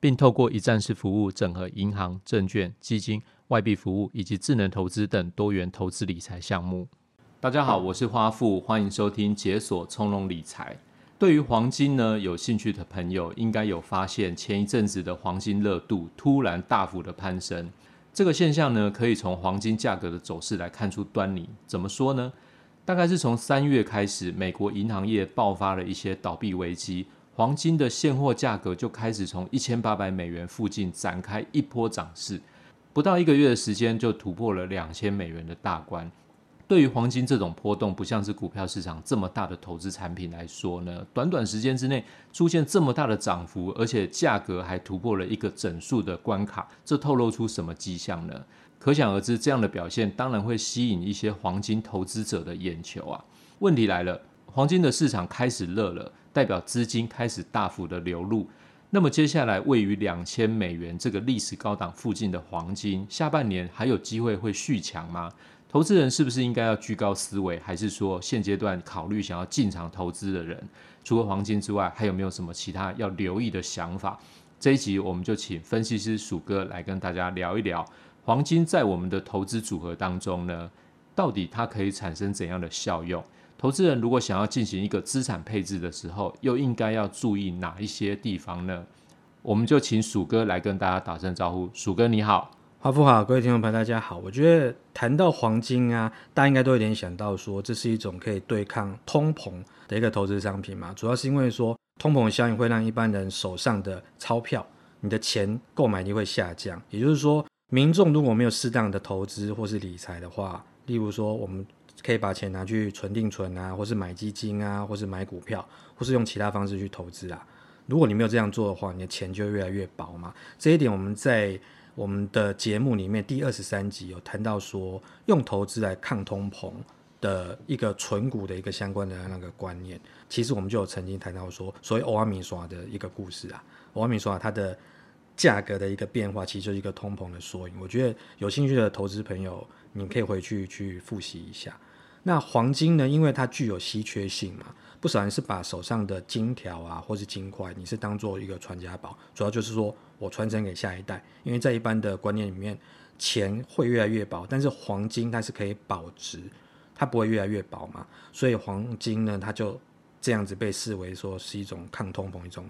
並透過一站式服務整合銀行、證券、基金、外幣服務以及智能投資等多元投資理財項目。大家好，我是花父，歡迎收聽《解鎖從容理財》。對於黃金呢，有興趣的朋友應該有發現，前一陣子的黃金熱度突然大幅的攀升。這個現象呢，可以從黃金價格的走勢來看出端倪。怎麼說呢？大概是從三月開始，美國銀行業爆發了一些倒閉危機。黃金的現貨價格就開始從一千八百美元附近展開一波漲勢，不到一個月的時間就突破了兩千美元的大關。對於黃金這種波動不像是股票市場這麼大的投資產品來說呢，短短時間之內出現這麼大的漲幅，而且價格還突破了一個整數的關卡，這透露出什麼跡象呢？可想而知，這樣的表現當然會吸引一些黃金投資者的眼球啊。問題來了，黃金的市場開始熱了。代表資金開始大幅的流入，那麼接下來位於兩千美元這個歷史高檔附近的黃金，下半年還有機會會續強嗎？投資人是不是應該要居高思危，還是說現階段考慮想要進場投資的人，除了黃金之外，還有沒有什麼其他要留意的想法？這一集我們就請分析師薯哥來跟大家聊一聊，黃金在我們的投資組合當中呢，到底它可以產生怎樣的效用？投資人如果想要進行一個資產配置的時候，又應該要注意哪一些地方呢？我們就請薯哥來跟大家打聲招呼。薯哥你好，花父好，各位聽眾朋友大家好。我覺得談到黃金啊，大家應該都有點想到說，這是一種可以對抗通膨的一個投資商品嘛。主要是因為說，通膨效應會讓一般人手上的鈔票、你的錢購買力會下降。也就是說，民眾如果沒有適當的投資或是理財的話，例如說我們，可以把錢拿去存定存啊，或是買基金啊，或是買股票，或是用其他方式去投資啊。如果你沒有這樣做的話，你的錢就越來越薄嘛。這一點我們在我們的節目裡面第二十三集有談到說，用投資來抗通膨的一個存股的一個相關的那個觀念。其實我們就有曾經談到說，所謂歐阿米耍的一個故事啊，歐阿米耍它的價格的一個變化，其實就是一個通膨的縮影。我覺得有興趣的投資朋友，你可以回去去復習一下。那黃金呢？因為它具有稀缺性嘛，不少人是把手上的金條啊，或是金塊，你是當做一個傳家寶，主要就是說我傳承給下一代。因為在一般的觀念裡面，錢會越來越薄，但是黃金它是可以保值，它不會越來越薄嘛。所以黃金呢，它就這樣子被視為說是一種抗通膨一種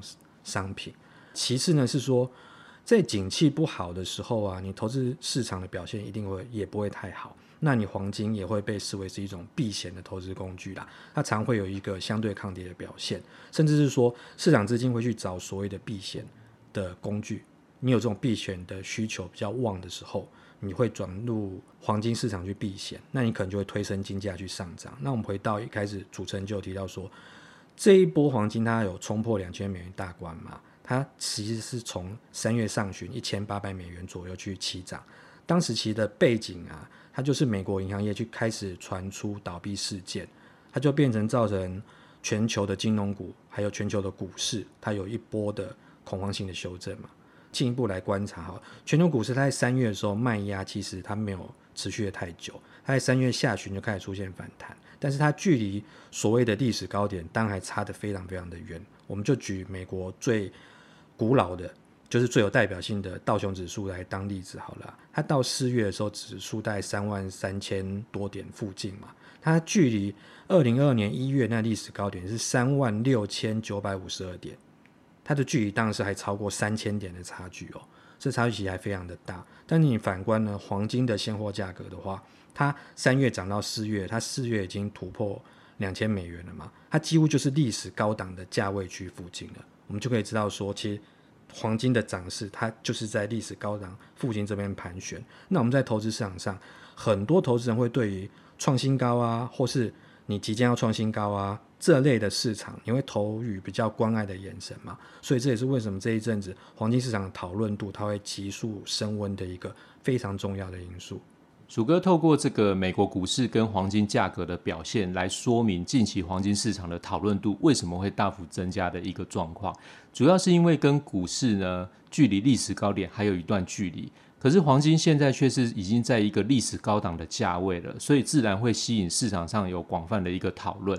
商品。其次呢，是說。在景氣不好的時候啊，你投資市場的表現一定會也不會太好，那你黃金也會被視為是一種避險的投資工具啦。它常會有一個相對抗跌的表現，甚至是說市場資金會去找所謂的避險的工具。你有這種避險的需求比較旺的時候，你會轉入黃金市場去避險，那你可能就會推升金價去上漲。那我們回到一開始主持人就提到說，這一波黃金它有衝破兩千美元大關嗎？它其實是從三月上旬一千八百美元左右去起漲，當時其實的背景啊，它就是美國銀行業去開始傳出倒閉事件，它就變成造成全球的金融股還有全球的股市，它有一波的恐慌性的修正嘛。進一步來觀察，哈，全球股市它在三月的時候賣壓其實它沒有持續的太久，它在三月下旬就開始出現反彈，但是它距離所謂的歷史高點，當然還差得非常非常的遠。我們就舉美國最古老的就是最有代表性的道瓊指數來當例子好了，它到四月的時候指數在三萬三千多點附近嘛，它距離二零二二年一月那歷史高點是三萬六千九百五十二點，它的距離當時還超過三千點的差距哦，這差距其實還非常的大。但你反觀呢，黃金的現貨價格的話，它三月漲到四月，它四月已經突破兩千美元了嘛，它幾乎就是歷史高檔的價位區附近了。我們就可以知道說，其實黃金的漲勢，它就是在歷史高檔附近這邊盤旋。那我們在投資市場上，很多投資人會對於創新高啊，或是你即將要創新高啊這類的市場，因為投予比較關愛的眼神嘛。所以這也是為什麼這一陣子黃金市場的討論度，它會急速升溫的一個非常重要的因素。薯哥透過這個美國股市跟黃金價格的表現，來說明近期黃金市場的討論度為什麼會大幅增加的一個狀況。主要是因為跟股市呢距離歷史高點還有一段距離，可是黃金現在卻是已經在一個歷史高檔的價位了，所以自然會吸引市場上有廣泛的一個討論。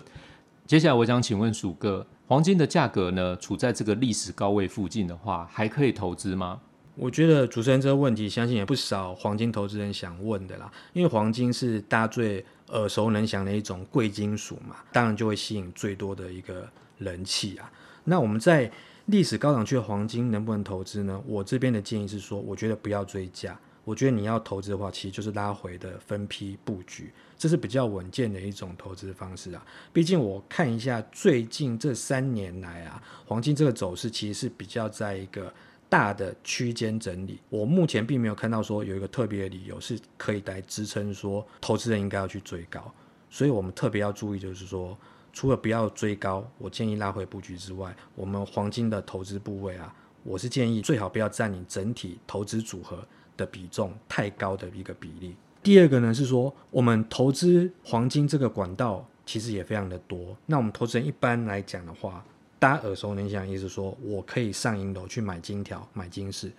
接下來我想請問薯哥，黃金的價格呢處在這個歷史高位附近的話，還可以投資嗎？我覺得主持人這個問題，相信也不少黃金投資人想問的啦。因為黃金是大家最耳熟能詳的一種貴金屬嘛，當然就會吸引最多的一個人氣啊。那我們在歷史高檔區的黃金能不能投資呢？我這邊的建議是說，我覺得不要追加。我覺得你要投資的話，其實就是拉回的分批布局，這是比較穩健的一種投資方式啊。畢竟我看一下最近這三年來啊，黃金這個走勢其實是比較在一個，大的區間整理，我目前並沒有看到說有一個特別的理由是可以來支撐說投資人應該要去追高，所以我們特別要注意就是說，除了不要追高，我建議拉回布局之外，我們黃金的投資部位啊，我是建議最好不要佔你整體投資組合的比重太高的一個比例。第二個呢是說，我們投資黃金這個管道其實也非常的多，那我們投資人一般來講的話，大家耳熟能詳的意思說，我可以上銀樓去買金條、買金飾。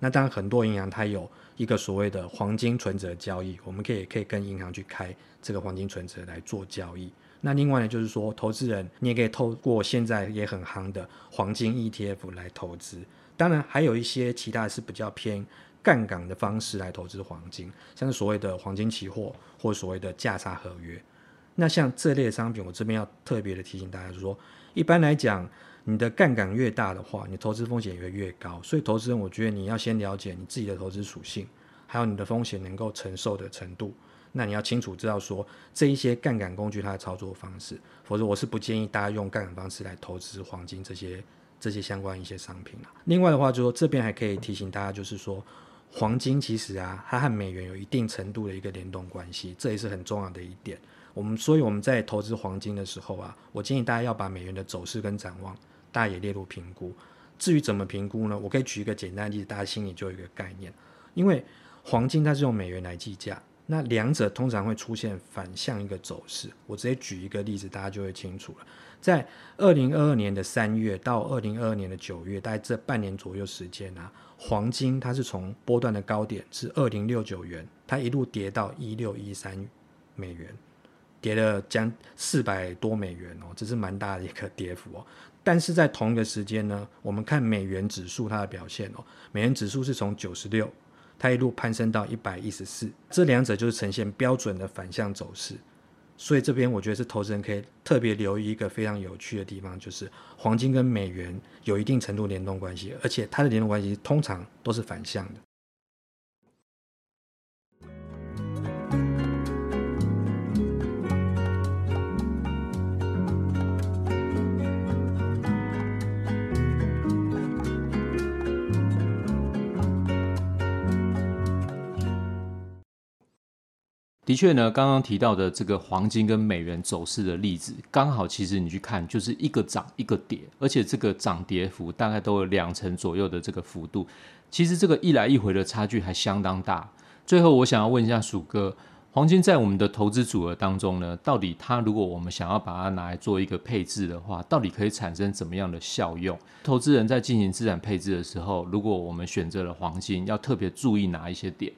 那當然，很多銀行它有一個所謂的黃金存摺交易，我們可以可以跟銀行去開這個黃金存摺來做交易。那另外呢，就是說投資人，你也可以透過現在也很夯的黃金 ETF 來投資。當然，還有一些其他是比較偏槓桿的方式來投資黃金，像是所謂的黃金期貨或所謂的價差合約。那像這類的商品，我這邊要特別的提醒大家就是說。一般來講，你的槓桿越大的話，你投資風險也會越高。所以投資人，我覺得你要先了解你自己的投資屬性，還有你的風險能夠承受的程度。那你要清楚知道說這一些槓桿工具它的操作方式，否則我是不建議大家用槓桿方式來投資黃金這些這些相關一些商品啊。另外的話就是，就說這邊還可以提醒大家，就是說黃金其實啊，它和美元有一定程度的一個聯動關係，這也是很重要的一點。我們所以我們在投資黃金的時候啊，我建議大家要把美元的走勢跟展望，大家也列入評估。至於怎麼評估呢？我可以舉一個簡單的例子，大家心裡就有一個概念。因為黃金它是用美元來計價，那兩者通常會出現反向一個走勢。我直接舉一個例子，大家就會清楚了。在二零二二年的三月到二零二二年的九月，大概這半年左右時間啊，黃金它是從波段的高點是二零六九元，它一路跌到一六一三美元。跌了將近四百多美元哦，這是蠻大的一個跌幅哦。但是在同一個時間呢，我們看美元指數它的表現哦，美元指數是從九十六，它一路攀升到一百一十四，這兩者就是呈現標準的反向走勢。所以這邊我覺得是投資人可以特別留意一個非常有趣的地方，就是黃金跟美元有一定程度聯動關係，而且它的聯動關係通常都是反向的。的確呢，剛剛提到的這個黃金跟美元走勢的例子，剛好其實你去看就是一個漲一個跌，而且這個漲跌幅大概都有兩成左右的這個幅度，其實這個一來一回的差距還相當大。最後我想要問一下薯哥，黃金在我們的投資組合當中呢，到底它如果我們想要把它拿來做一個配置的話，到底可以產生怎麼樣的效用？投資人在進行資產配置的時候，如果我們選擇了黃金，要特別注意哪一些點？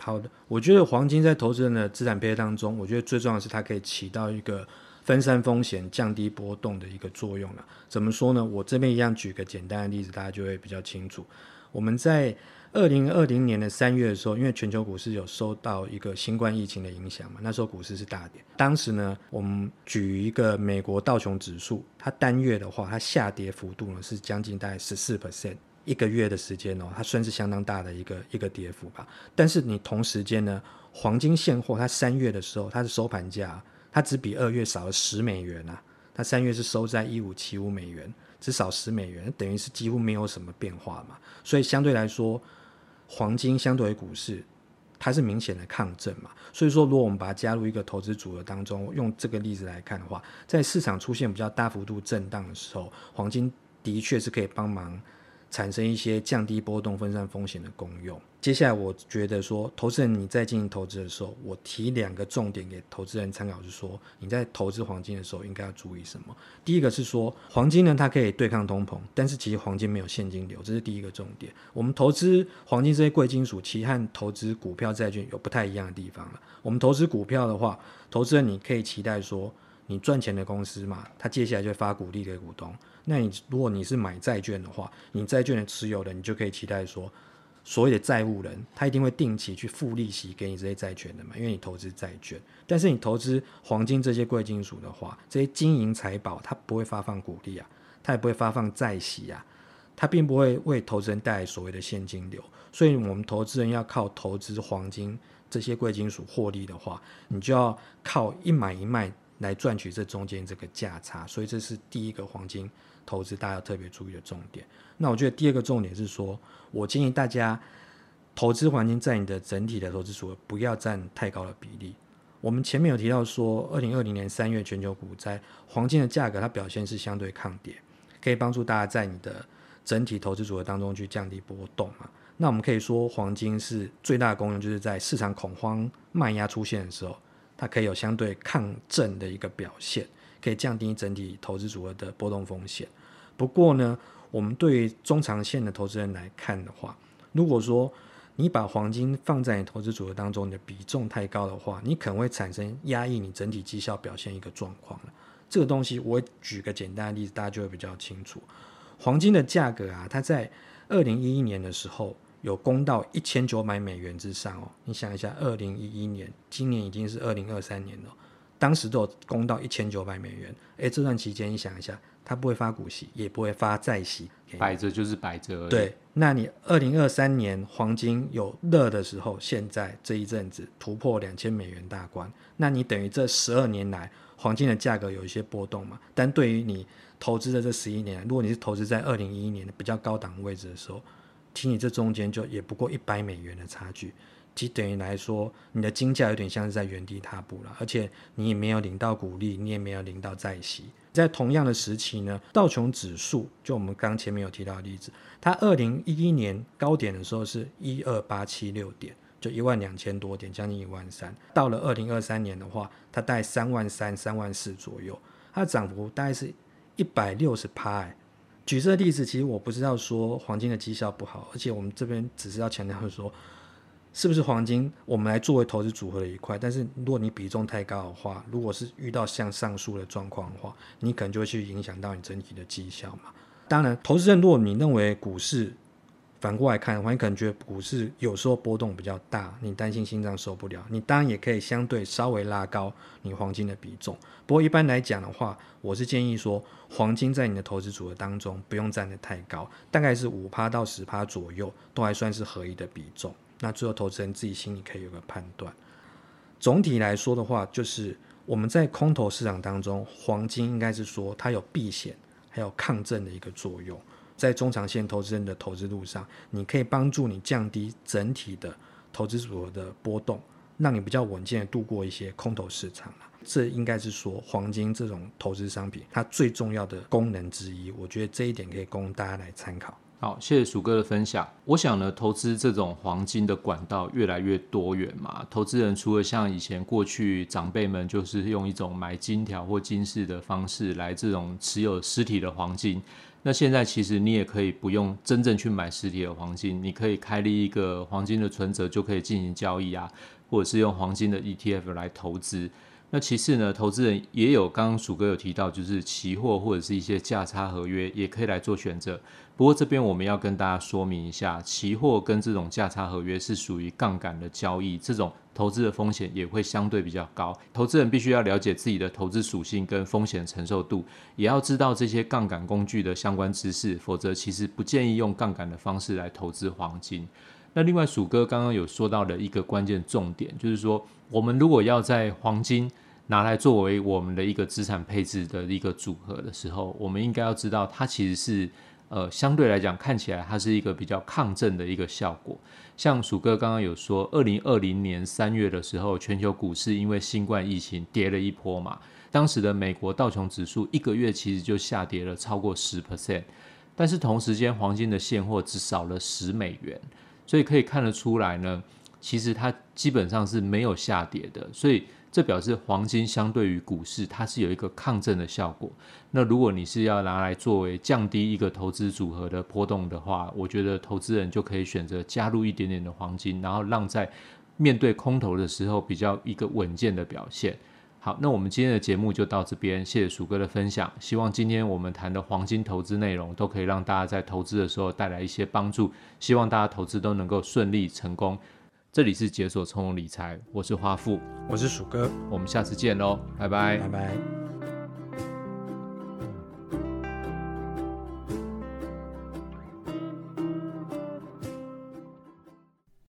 好的，我覺得黃金在投資人的資產配置當中，我覺得最重要的是它可以起到一個分散風險、降低波動的一個作用了。怎麼說呢？我這邊一樣舉個簡單的例子，大家就會比較清楚。我們在二零二零年的三月的時候，因為全球股市有受到一個新冠疫情的影響嘛，那時候股市是大跌。當時呢，我們舉一個美國道瓊指數，它單月的話，它下跌幅度呢是將近大概十四 percent。一個月的時間哦、喔，它算是相當大的一個一個跌幅吧。但是你同時間呢，黃金現貨它三月的時候，它的收盤價啊，它只比二月少了十美元啊。它三月是收在一五七五美元，至少十美元，等於是幾乎沒有什麼變化嘛。所以相對來說，黃金相對於股市，它是明顯的抗震嘛。所以說，如果我們把它加入一個投資組合當中，用這個例子來看的話，在市場出現比較大幅度震盪的時候，黃金的確是可以幫忙。產生一些降低波動、分散風險的功用。接下來，我覺得說，投資人你在進行投資的時候，我提兩個重點給投資人參考，就是說，你在投資黃金的時候應該要注意什麼？第一個是說，黃金呢，它可以對抗通膨，但是其實黃金沒有現金流，這是第一個重點。我們投資黃金這些貴金屬，其實和投資股票、債券有不太一樣的地方了。我們投資股票的話，投資人你可以期待說……你賺錢的公司嘛，他接下來就會發股利給股東。那你如果你是買債券的話，你債券的持有的人，你就可以期待說，所有的債務人他一定會定期去付利息給你這些債券的嘛，因為你投資債券。但是你投資黃金這些貴金屬的話，這些金銀財寶它不會發放股利啊，它也不會發放債息啊，它並不會為投資人帶來所謂的現金流。所以我們投資人要靠投資黃金這些貴金屬獲利的話，你就要靠一買一賣。來賺取這中間這個價差，所以這是第一個黃金投資大家要特別注意的重點。那我覺得第二個重點是說，我建議大家投資黃金在你的整體的投資組合不要占太高的比例。我們前面有提到說，二零二零年三月全球股災，黃金的價格它表現是相對抗跌，可以幫助大家在你的整體投資組合當中去降低波動嘛。那我們可以說，黃金是最大的功用，就是在市場恐慌賣壓出現的時候。它可以有相對抗震的一個表現，可以降低整體投資組合的波動風險。不過呢，我們對於中長線的投資人來看的話，如果說你把黃金放在你投資組合當中，你的比重太高的話，你可能會產生壓抑你整體績效表現一個狀況。這個東西我舉個簡單的例子，大家就會比較清楚。黃金的價格啊，它在二零一一年的時候。有攻到一千九百美元之上哦。你想一下，二零一一年，今年已經是二零二三年了，當時都有攻到一千九百美元。誒，這段期間，你想一下，它不會發股息，也不會發債息，擺着就是擺着而已。對，那你二零二三年黃金有熱的時候，現在這一陣子突破兩千美元大關，那你等於這十二年來黃金的價格有一些波動嘛，但對於你投資的這十一年，如果你是投資在二零一一年的比較高檔位置的時候。其實這中間就也不過一百美元的差距，其實等於來說，你的金價有點像是在原地踏步了，而且你也沒有領到股利，你也沒有領到再息。在同樣的時期呢，道瓊指數，就我們剛前面有提到的例子，它二零一一年高點的時候是一二八七六點，就一萬兩千多點，將近一萬三。到了二零二三年的話，它大概三萬三、三萬四左右，它的漲幅大概是一百六十趴，舉這個例子，其實我不是要說黃金的績效不好，而且我們這邊只是要強調說，是不是黃金我們來作為投資組合的一塊。但是如果你比重太高的話，如果是遇到像上述的狀況的話，你可能就會去影響到你整體的績效嘛。當然，投資人如果你認為股市，反過來看，你可能覺得股市有時候波動比較大，你擔心心臟受不了。你當然也可以相對稍微拉高你黃金的比重。不過一般來講的話，我是建議說，黃金在你的投資組合當中不用占得太高，大概是五趴到十趴左右都還算是合理的比重。那最後投資人自己心裡可以有個判斷。總體來說的話，就是我們在空頭市場當中，黃金應該是說它有避險還有抗震的一個作用。在中長線投資人的投資路上，你可以幫助你降低整體的投資組合的波動，讓你比較穩健的度過一些空頭市場，這應該是說黃金這種投資商品它最重要的功能之一。我覺得這一點可以供大家來參考。好，謝謝薯哥的分享。我想呢，投資這種黃金的管道，越來越多元嘛。投資人除了像以前過去長輩們就是用一種買金條或金飾的方式來這種持有實體的黃金。那現在其實你也可以不用真正去買實體的黃金，你可以開立一個黃金的存摺就可以進行交易啊，或者是用黃金的 ETF 來投資。那其次呢，投資人也有剛剛薯哥有提到，就是期貨或者是一些價差合約也可以來做選擇。不過這邊我們要跟大家說明一下，期貨跟這種價差合約是屬於槓桿的交易，這種投資的風險也會相對比較高。投資人必須要了解自己的投資屬性跟風險承受度，也要知道這些槓桿工具的相關知識，否則其實不建議用槓桿的方式來投資黃金。那另外，薯哥剛剛有說到的一個關鍵重點，就是說，我們如果要在黃金拿來作為我們的一個資產配置的一個組合的時候，我們應該要知道，它其實是呃，相對來講看起來它是一個比較抗震的一個效果。像薯哥剛剛有說，二零二零年三月的時候，全球股市因為新冠疫情跌了一波嘛，當時的美國道瓊指數一個月其實就下跌了超過十 percent，但是同時間黃金的現貨只少了十美元。所以可以看得出來呢，其實它基本上是沒有下跌的，所以這表示黃金相對於股市，它是有一個抗震的效果。那如果你是要拿來作為降低一個投資組合的波動的話，我覺得投資人就可以選擇加入一點點的黃金，然後讓在面對空頭的時候比較一個穩健的表現。好，那我們今天的節目就到這邊，謝謝薯哥的分享。希望今天我們談的黃金投資內容都可以讓大家在投資的時候帶來一些幫助。希望大家投資都能夠順利成功。這裡是解鎖從容理財，我是花父，我是薯哥，我們下次見嘍，拜拜，拜拜。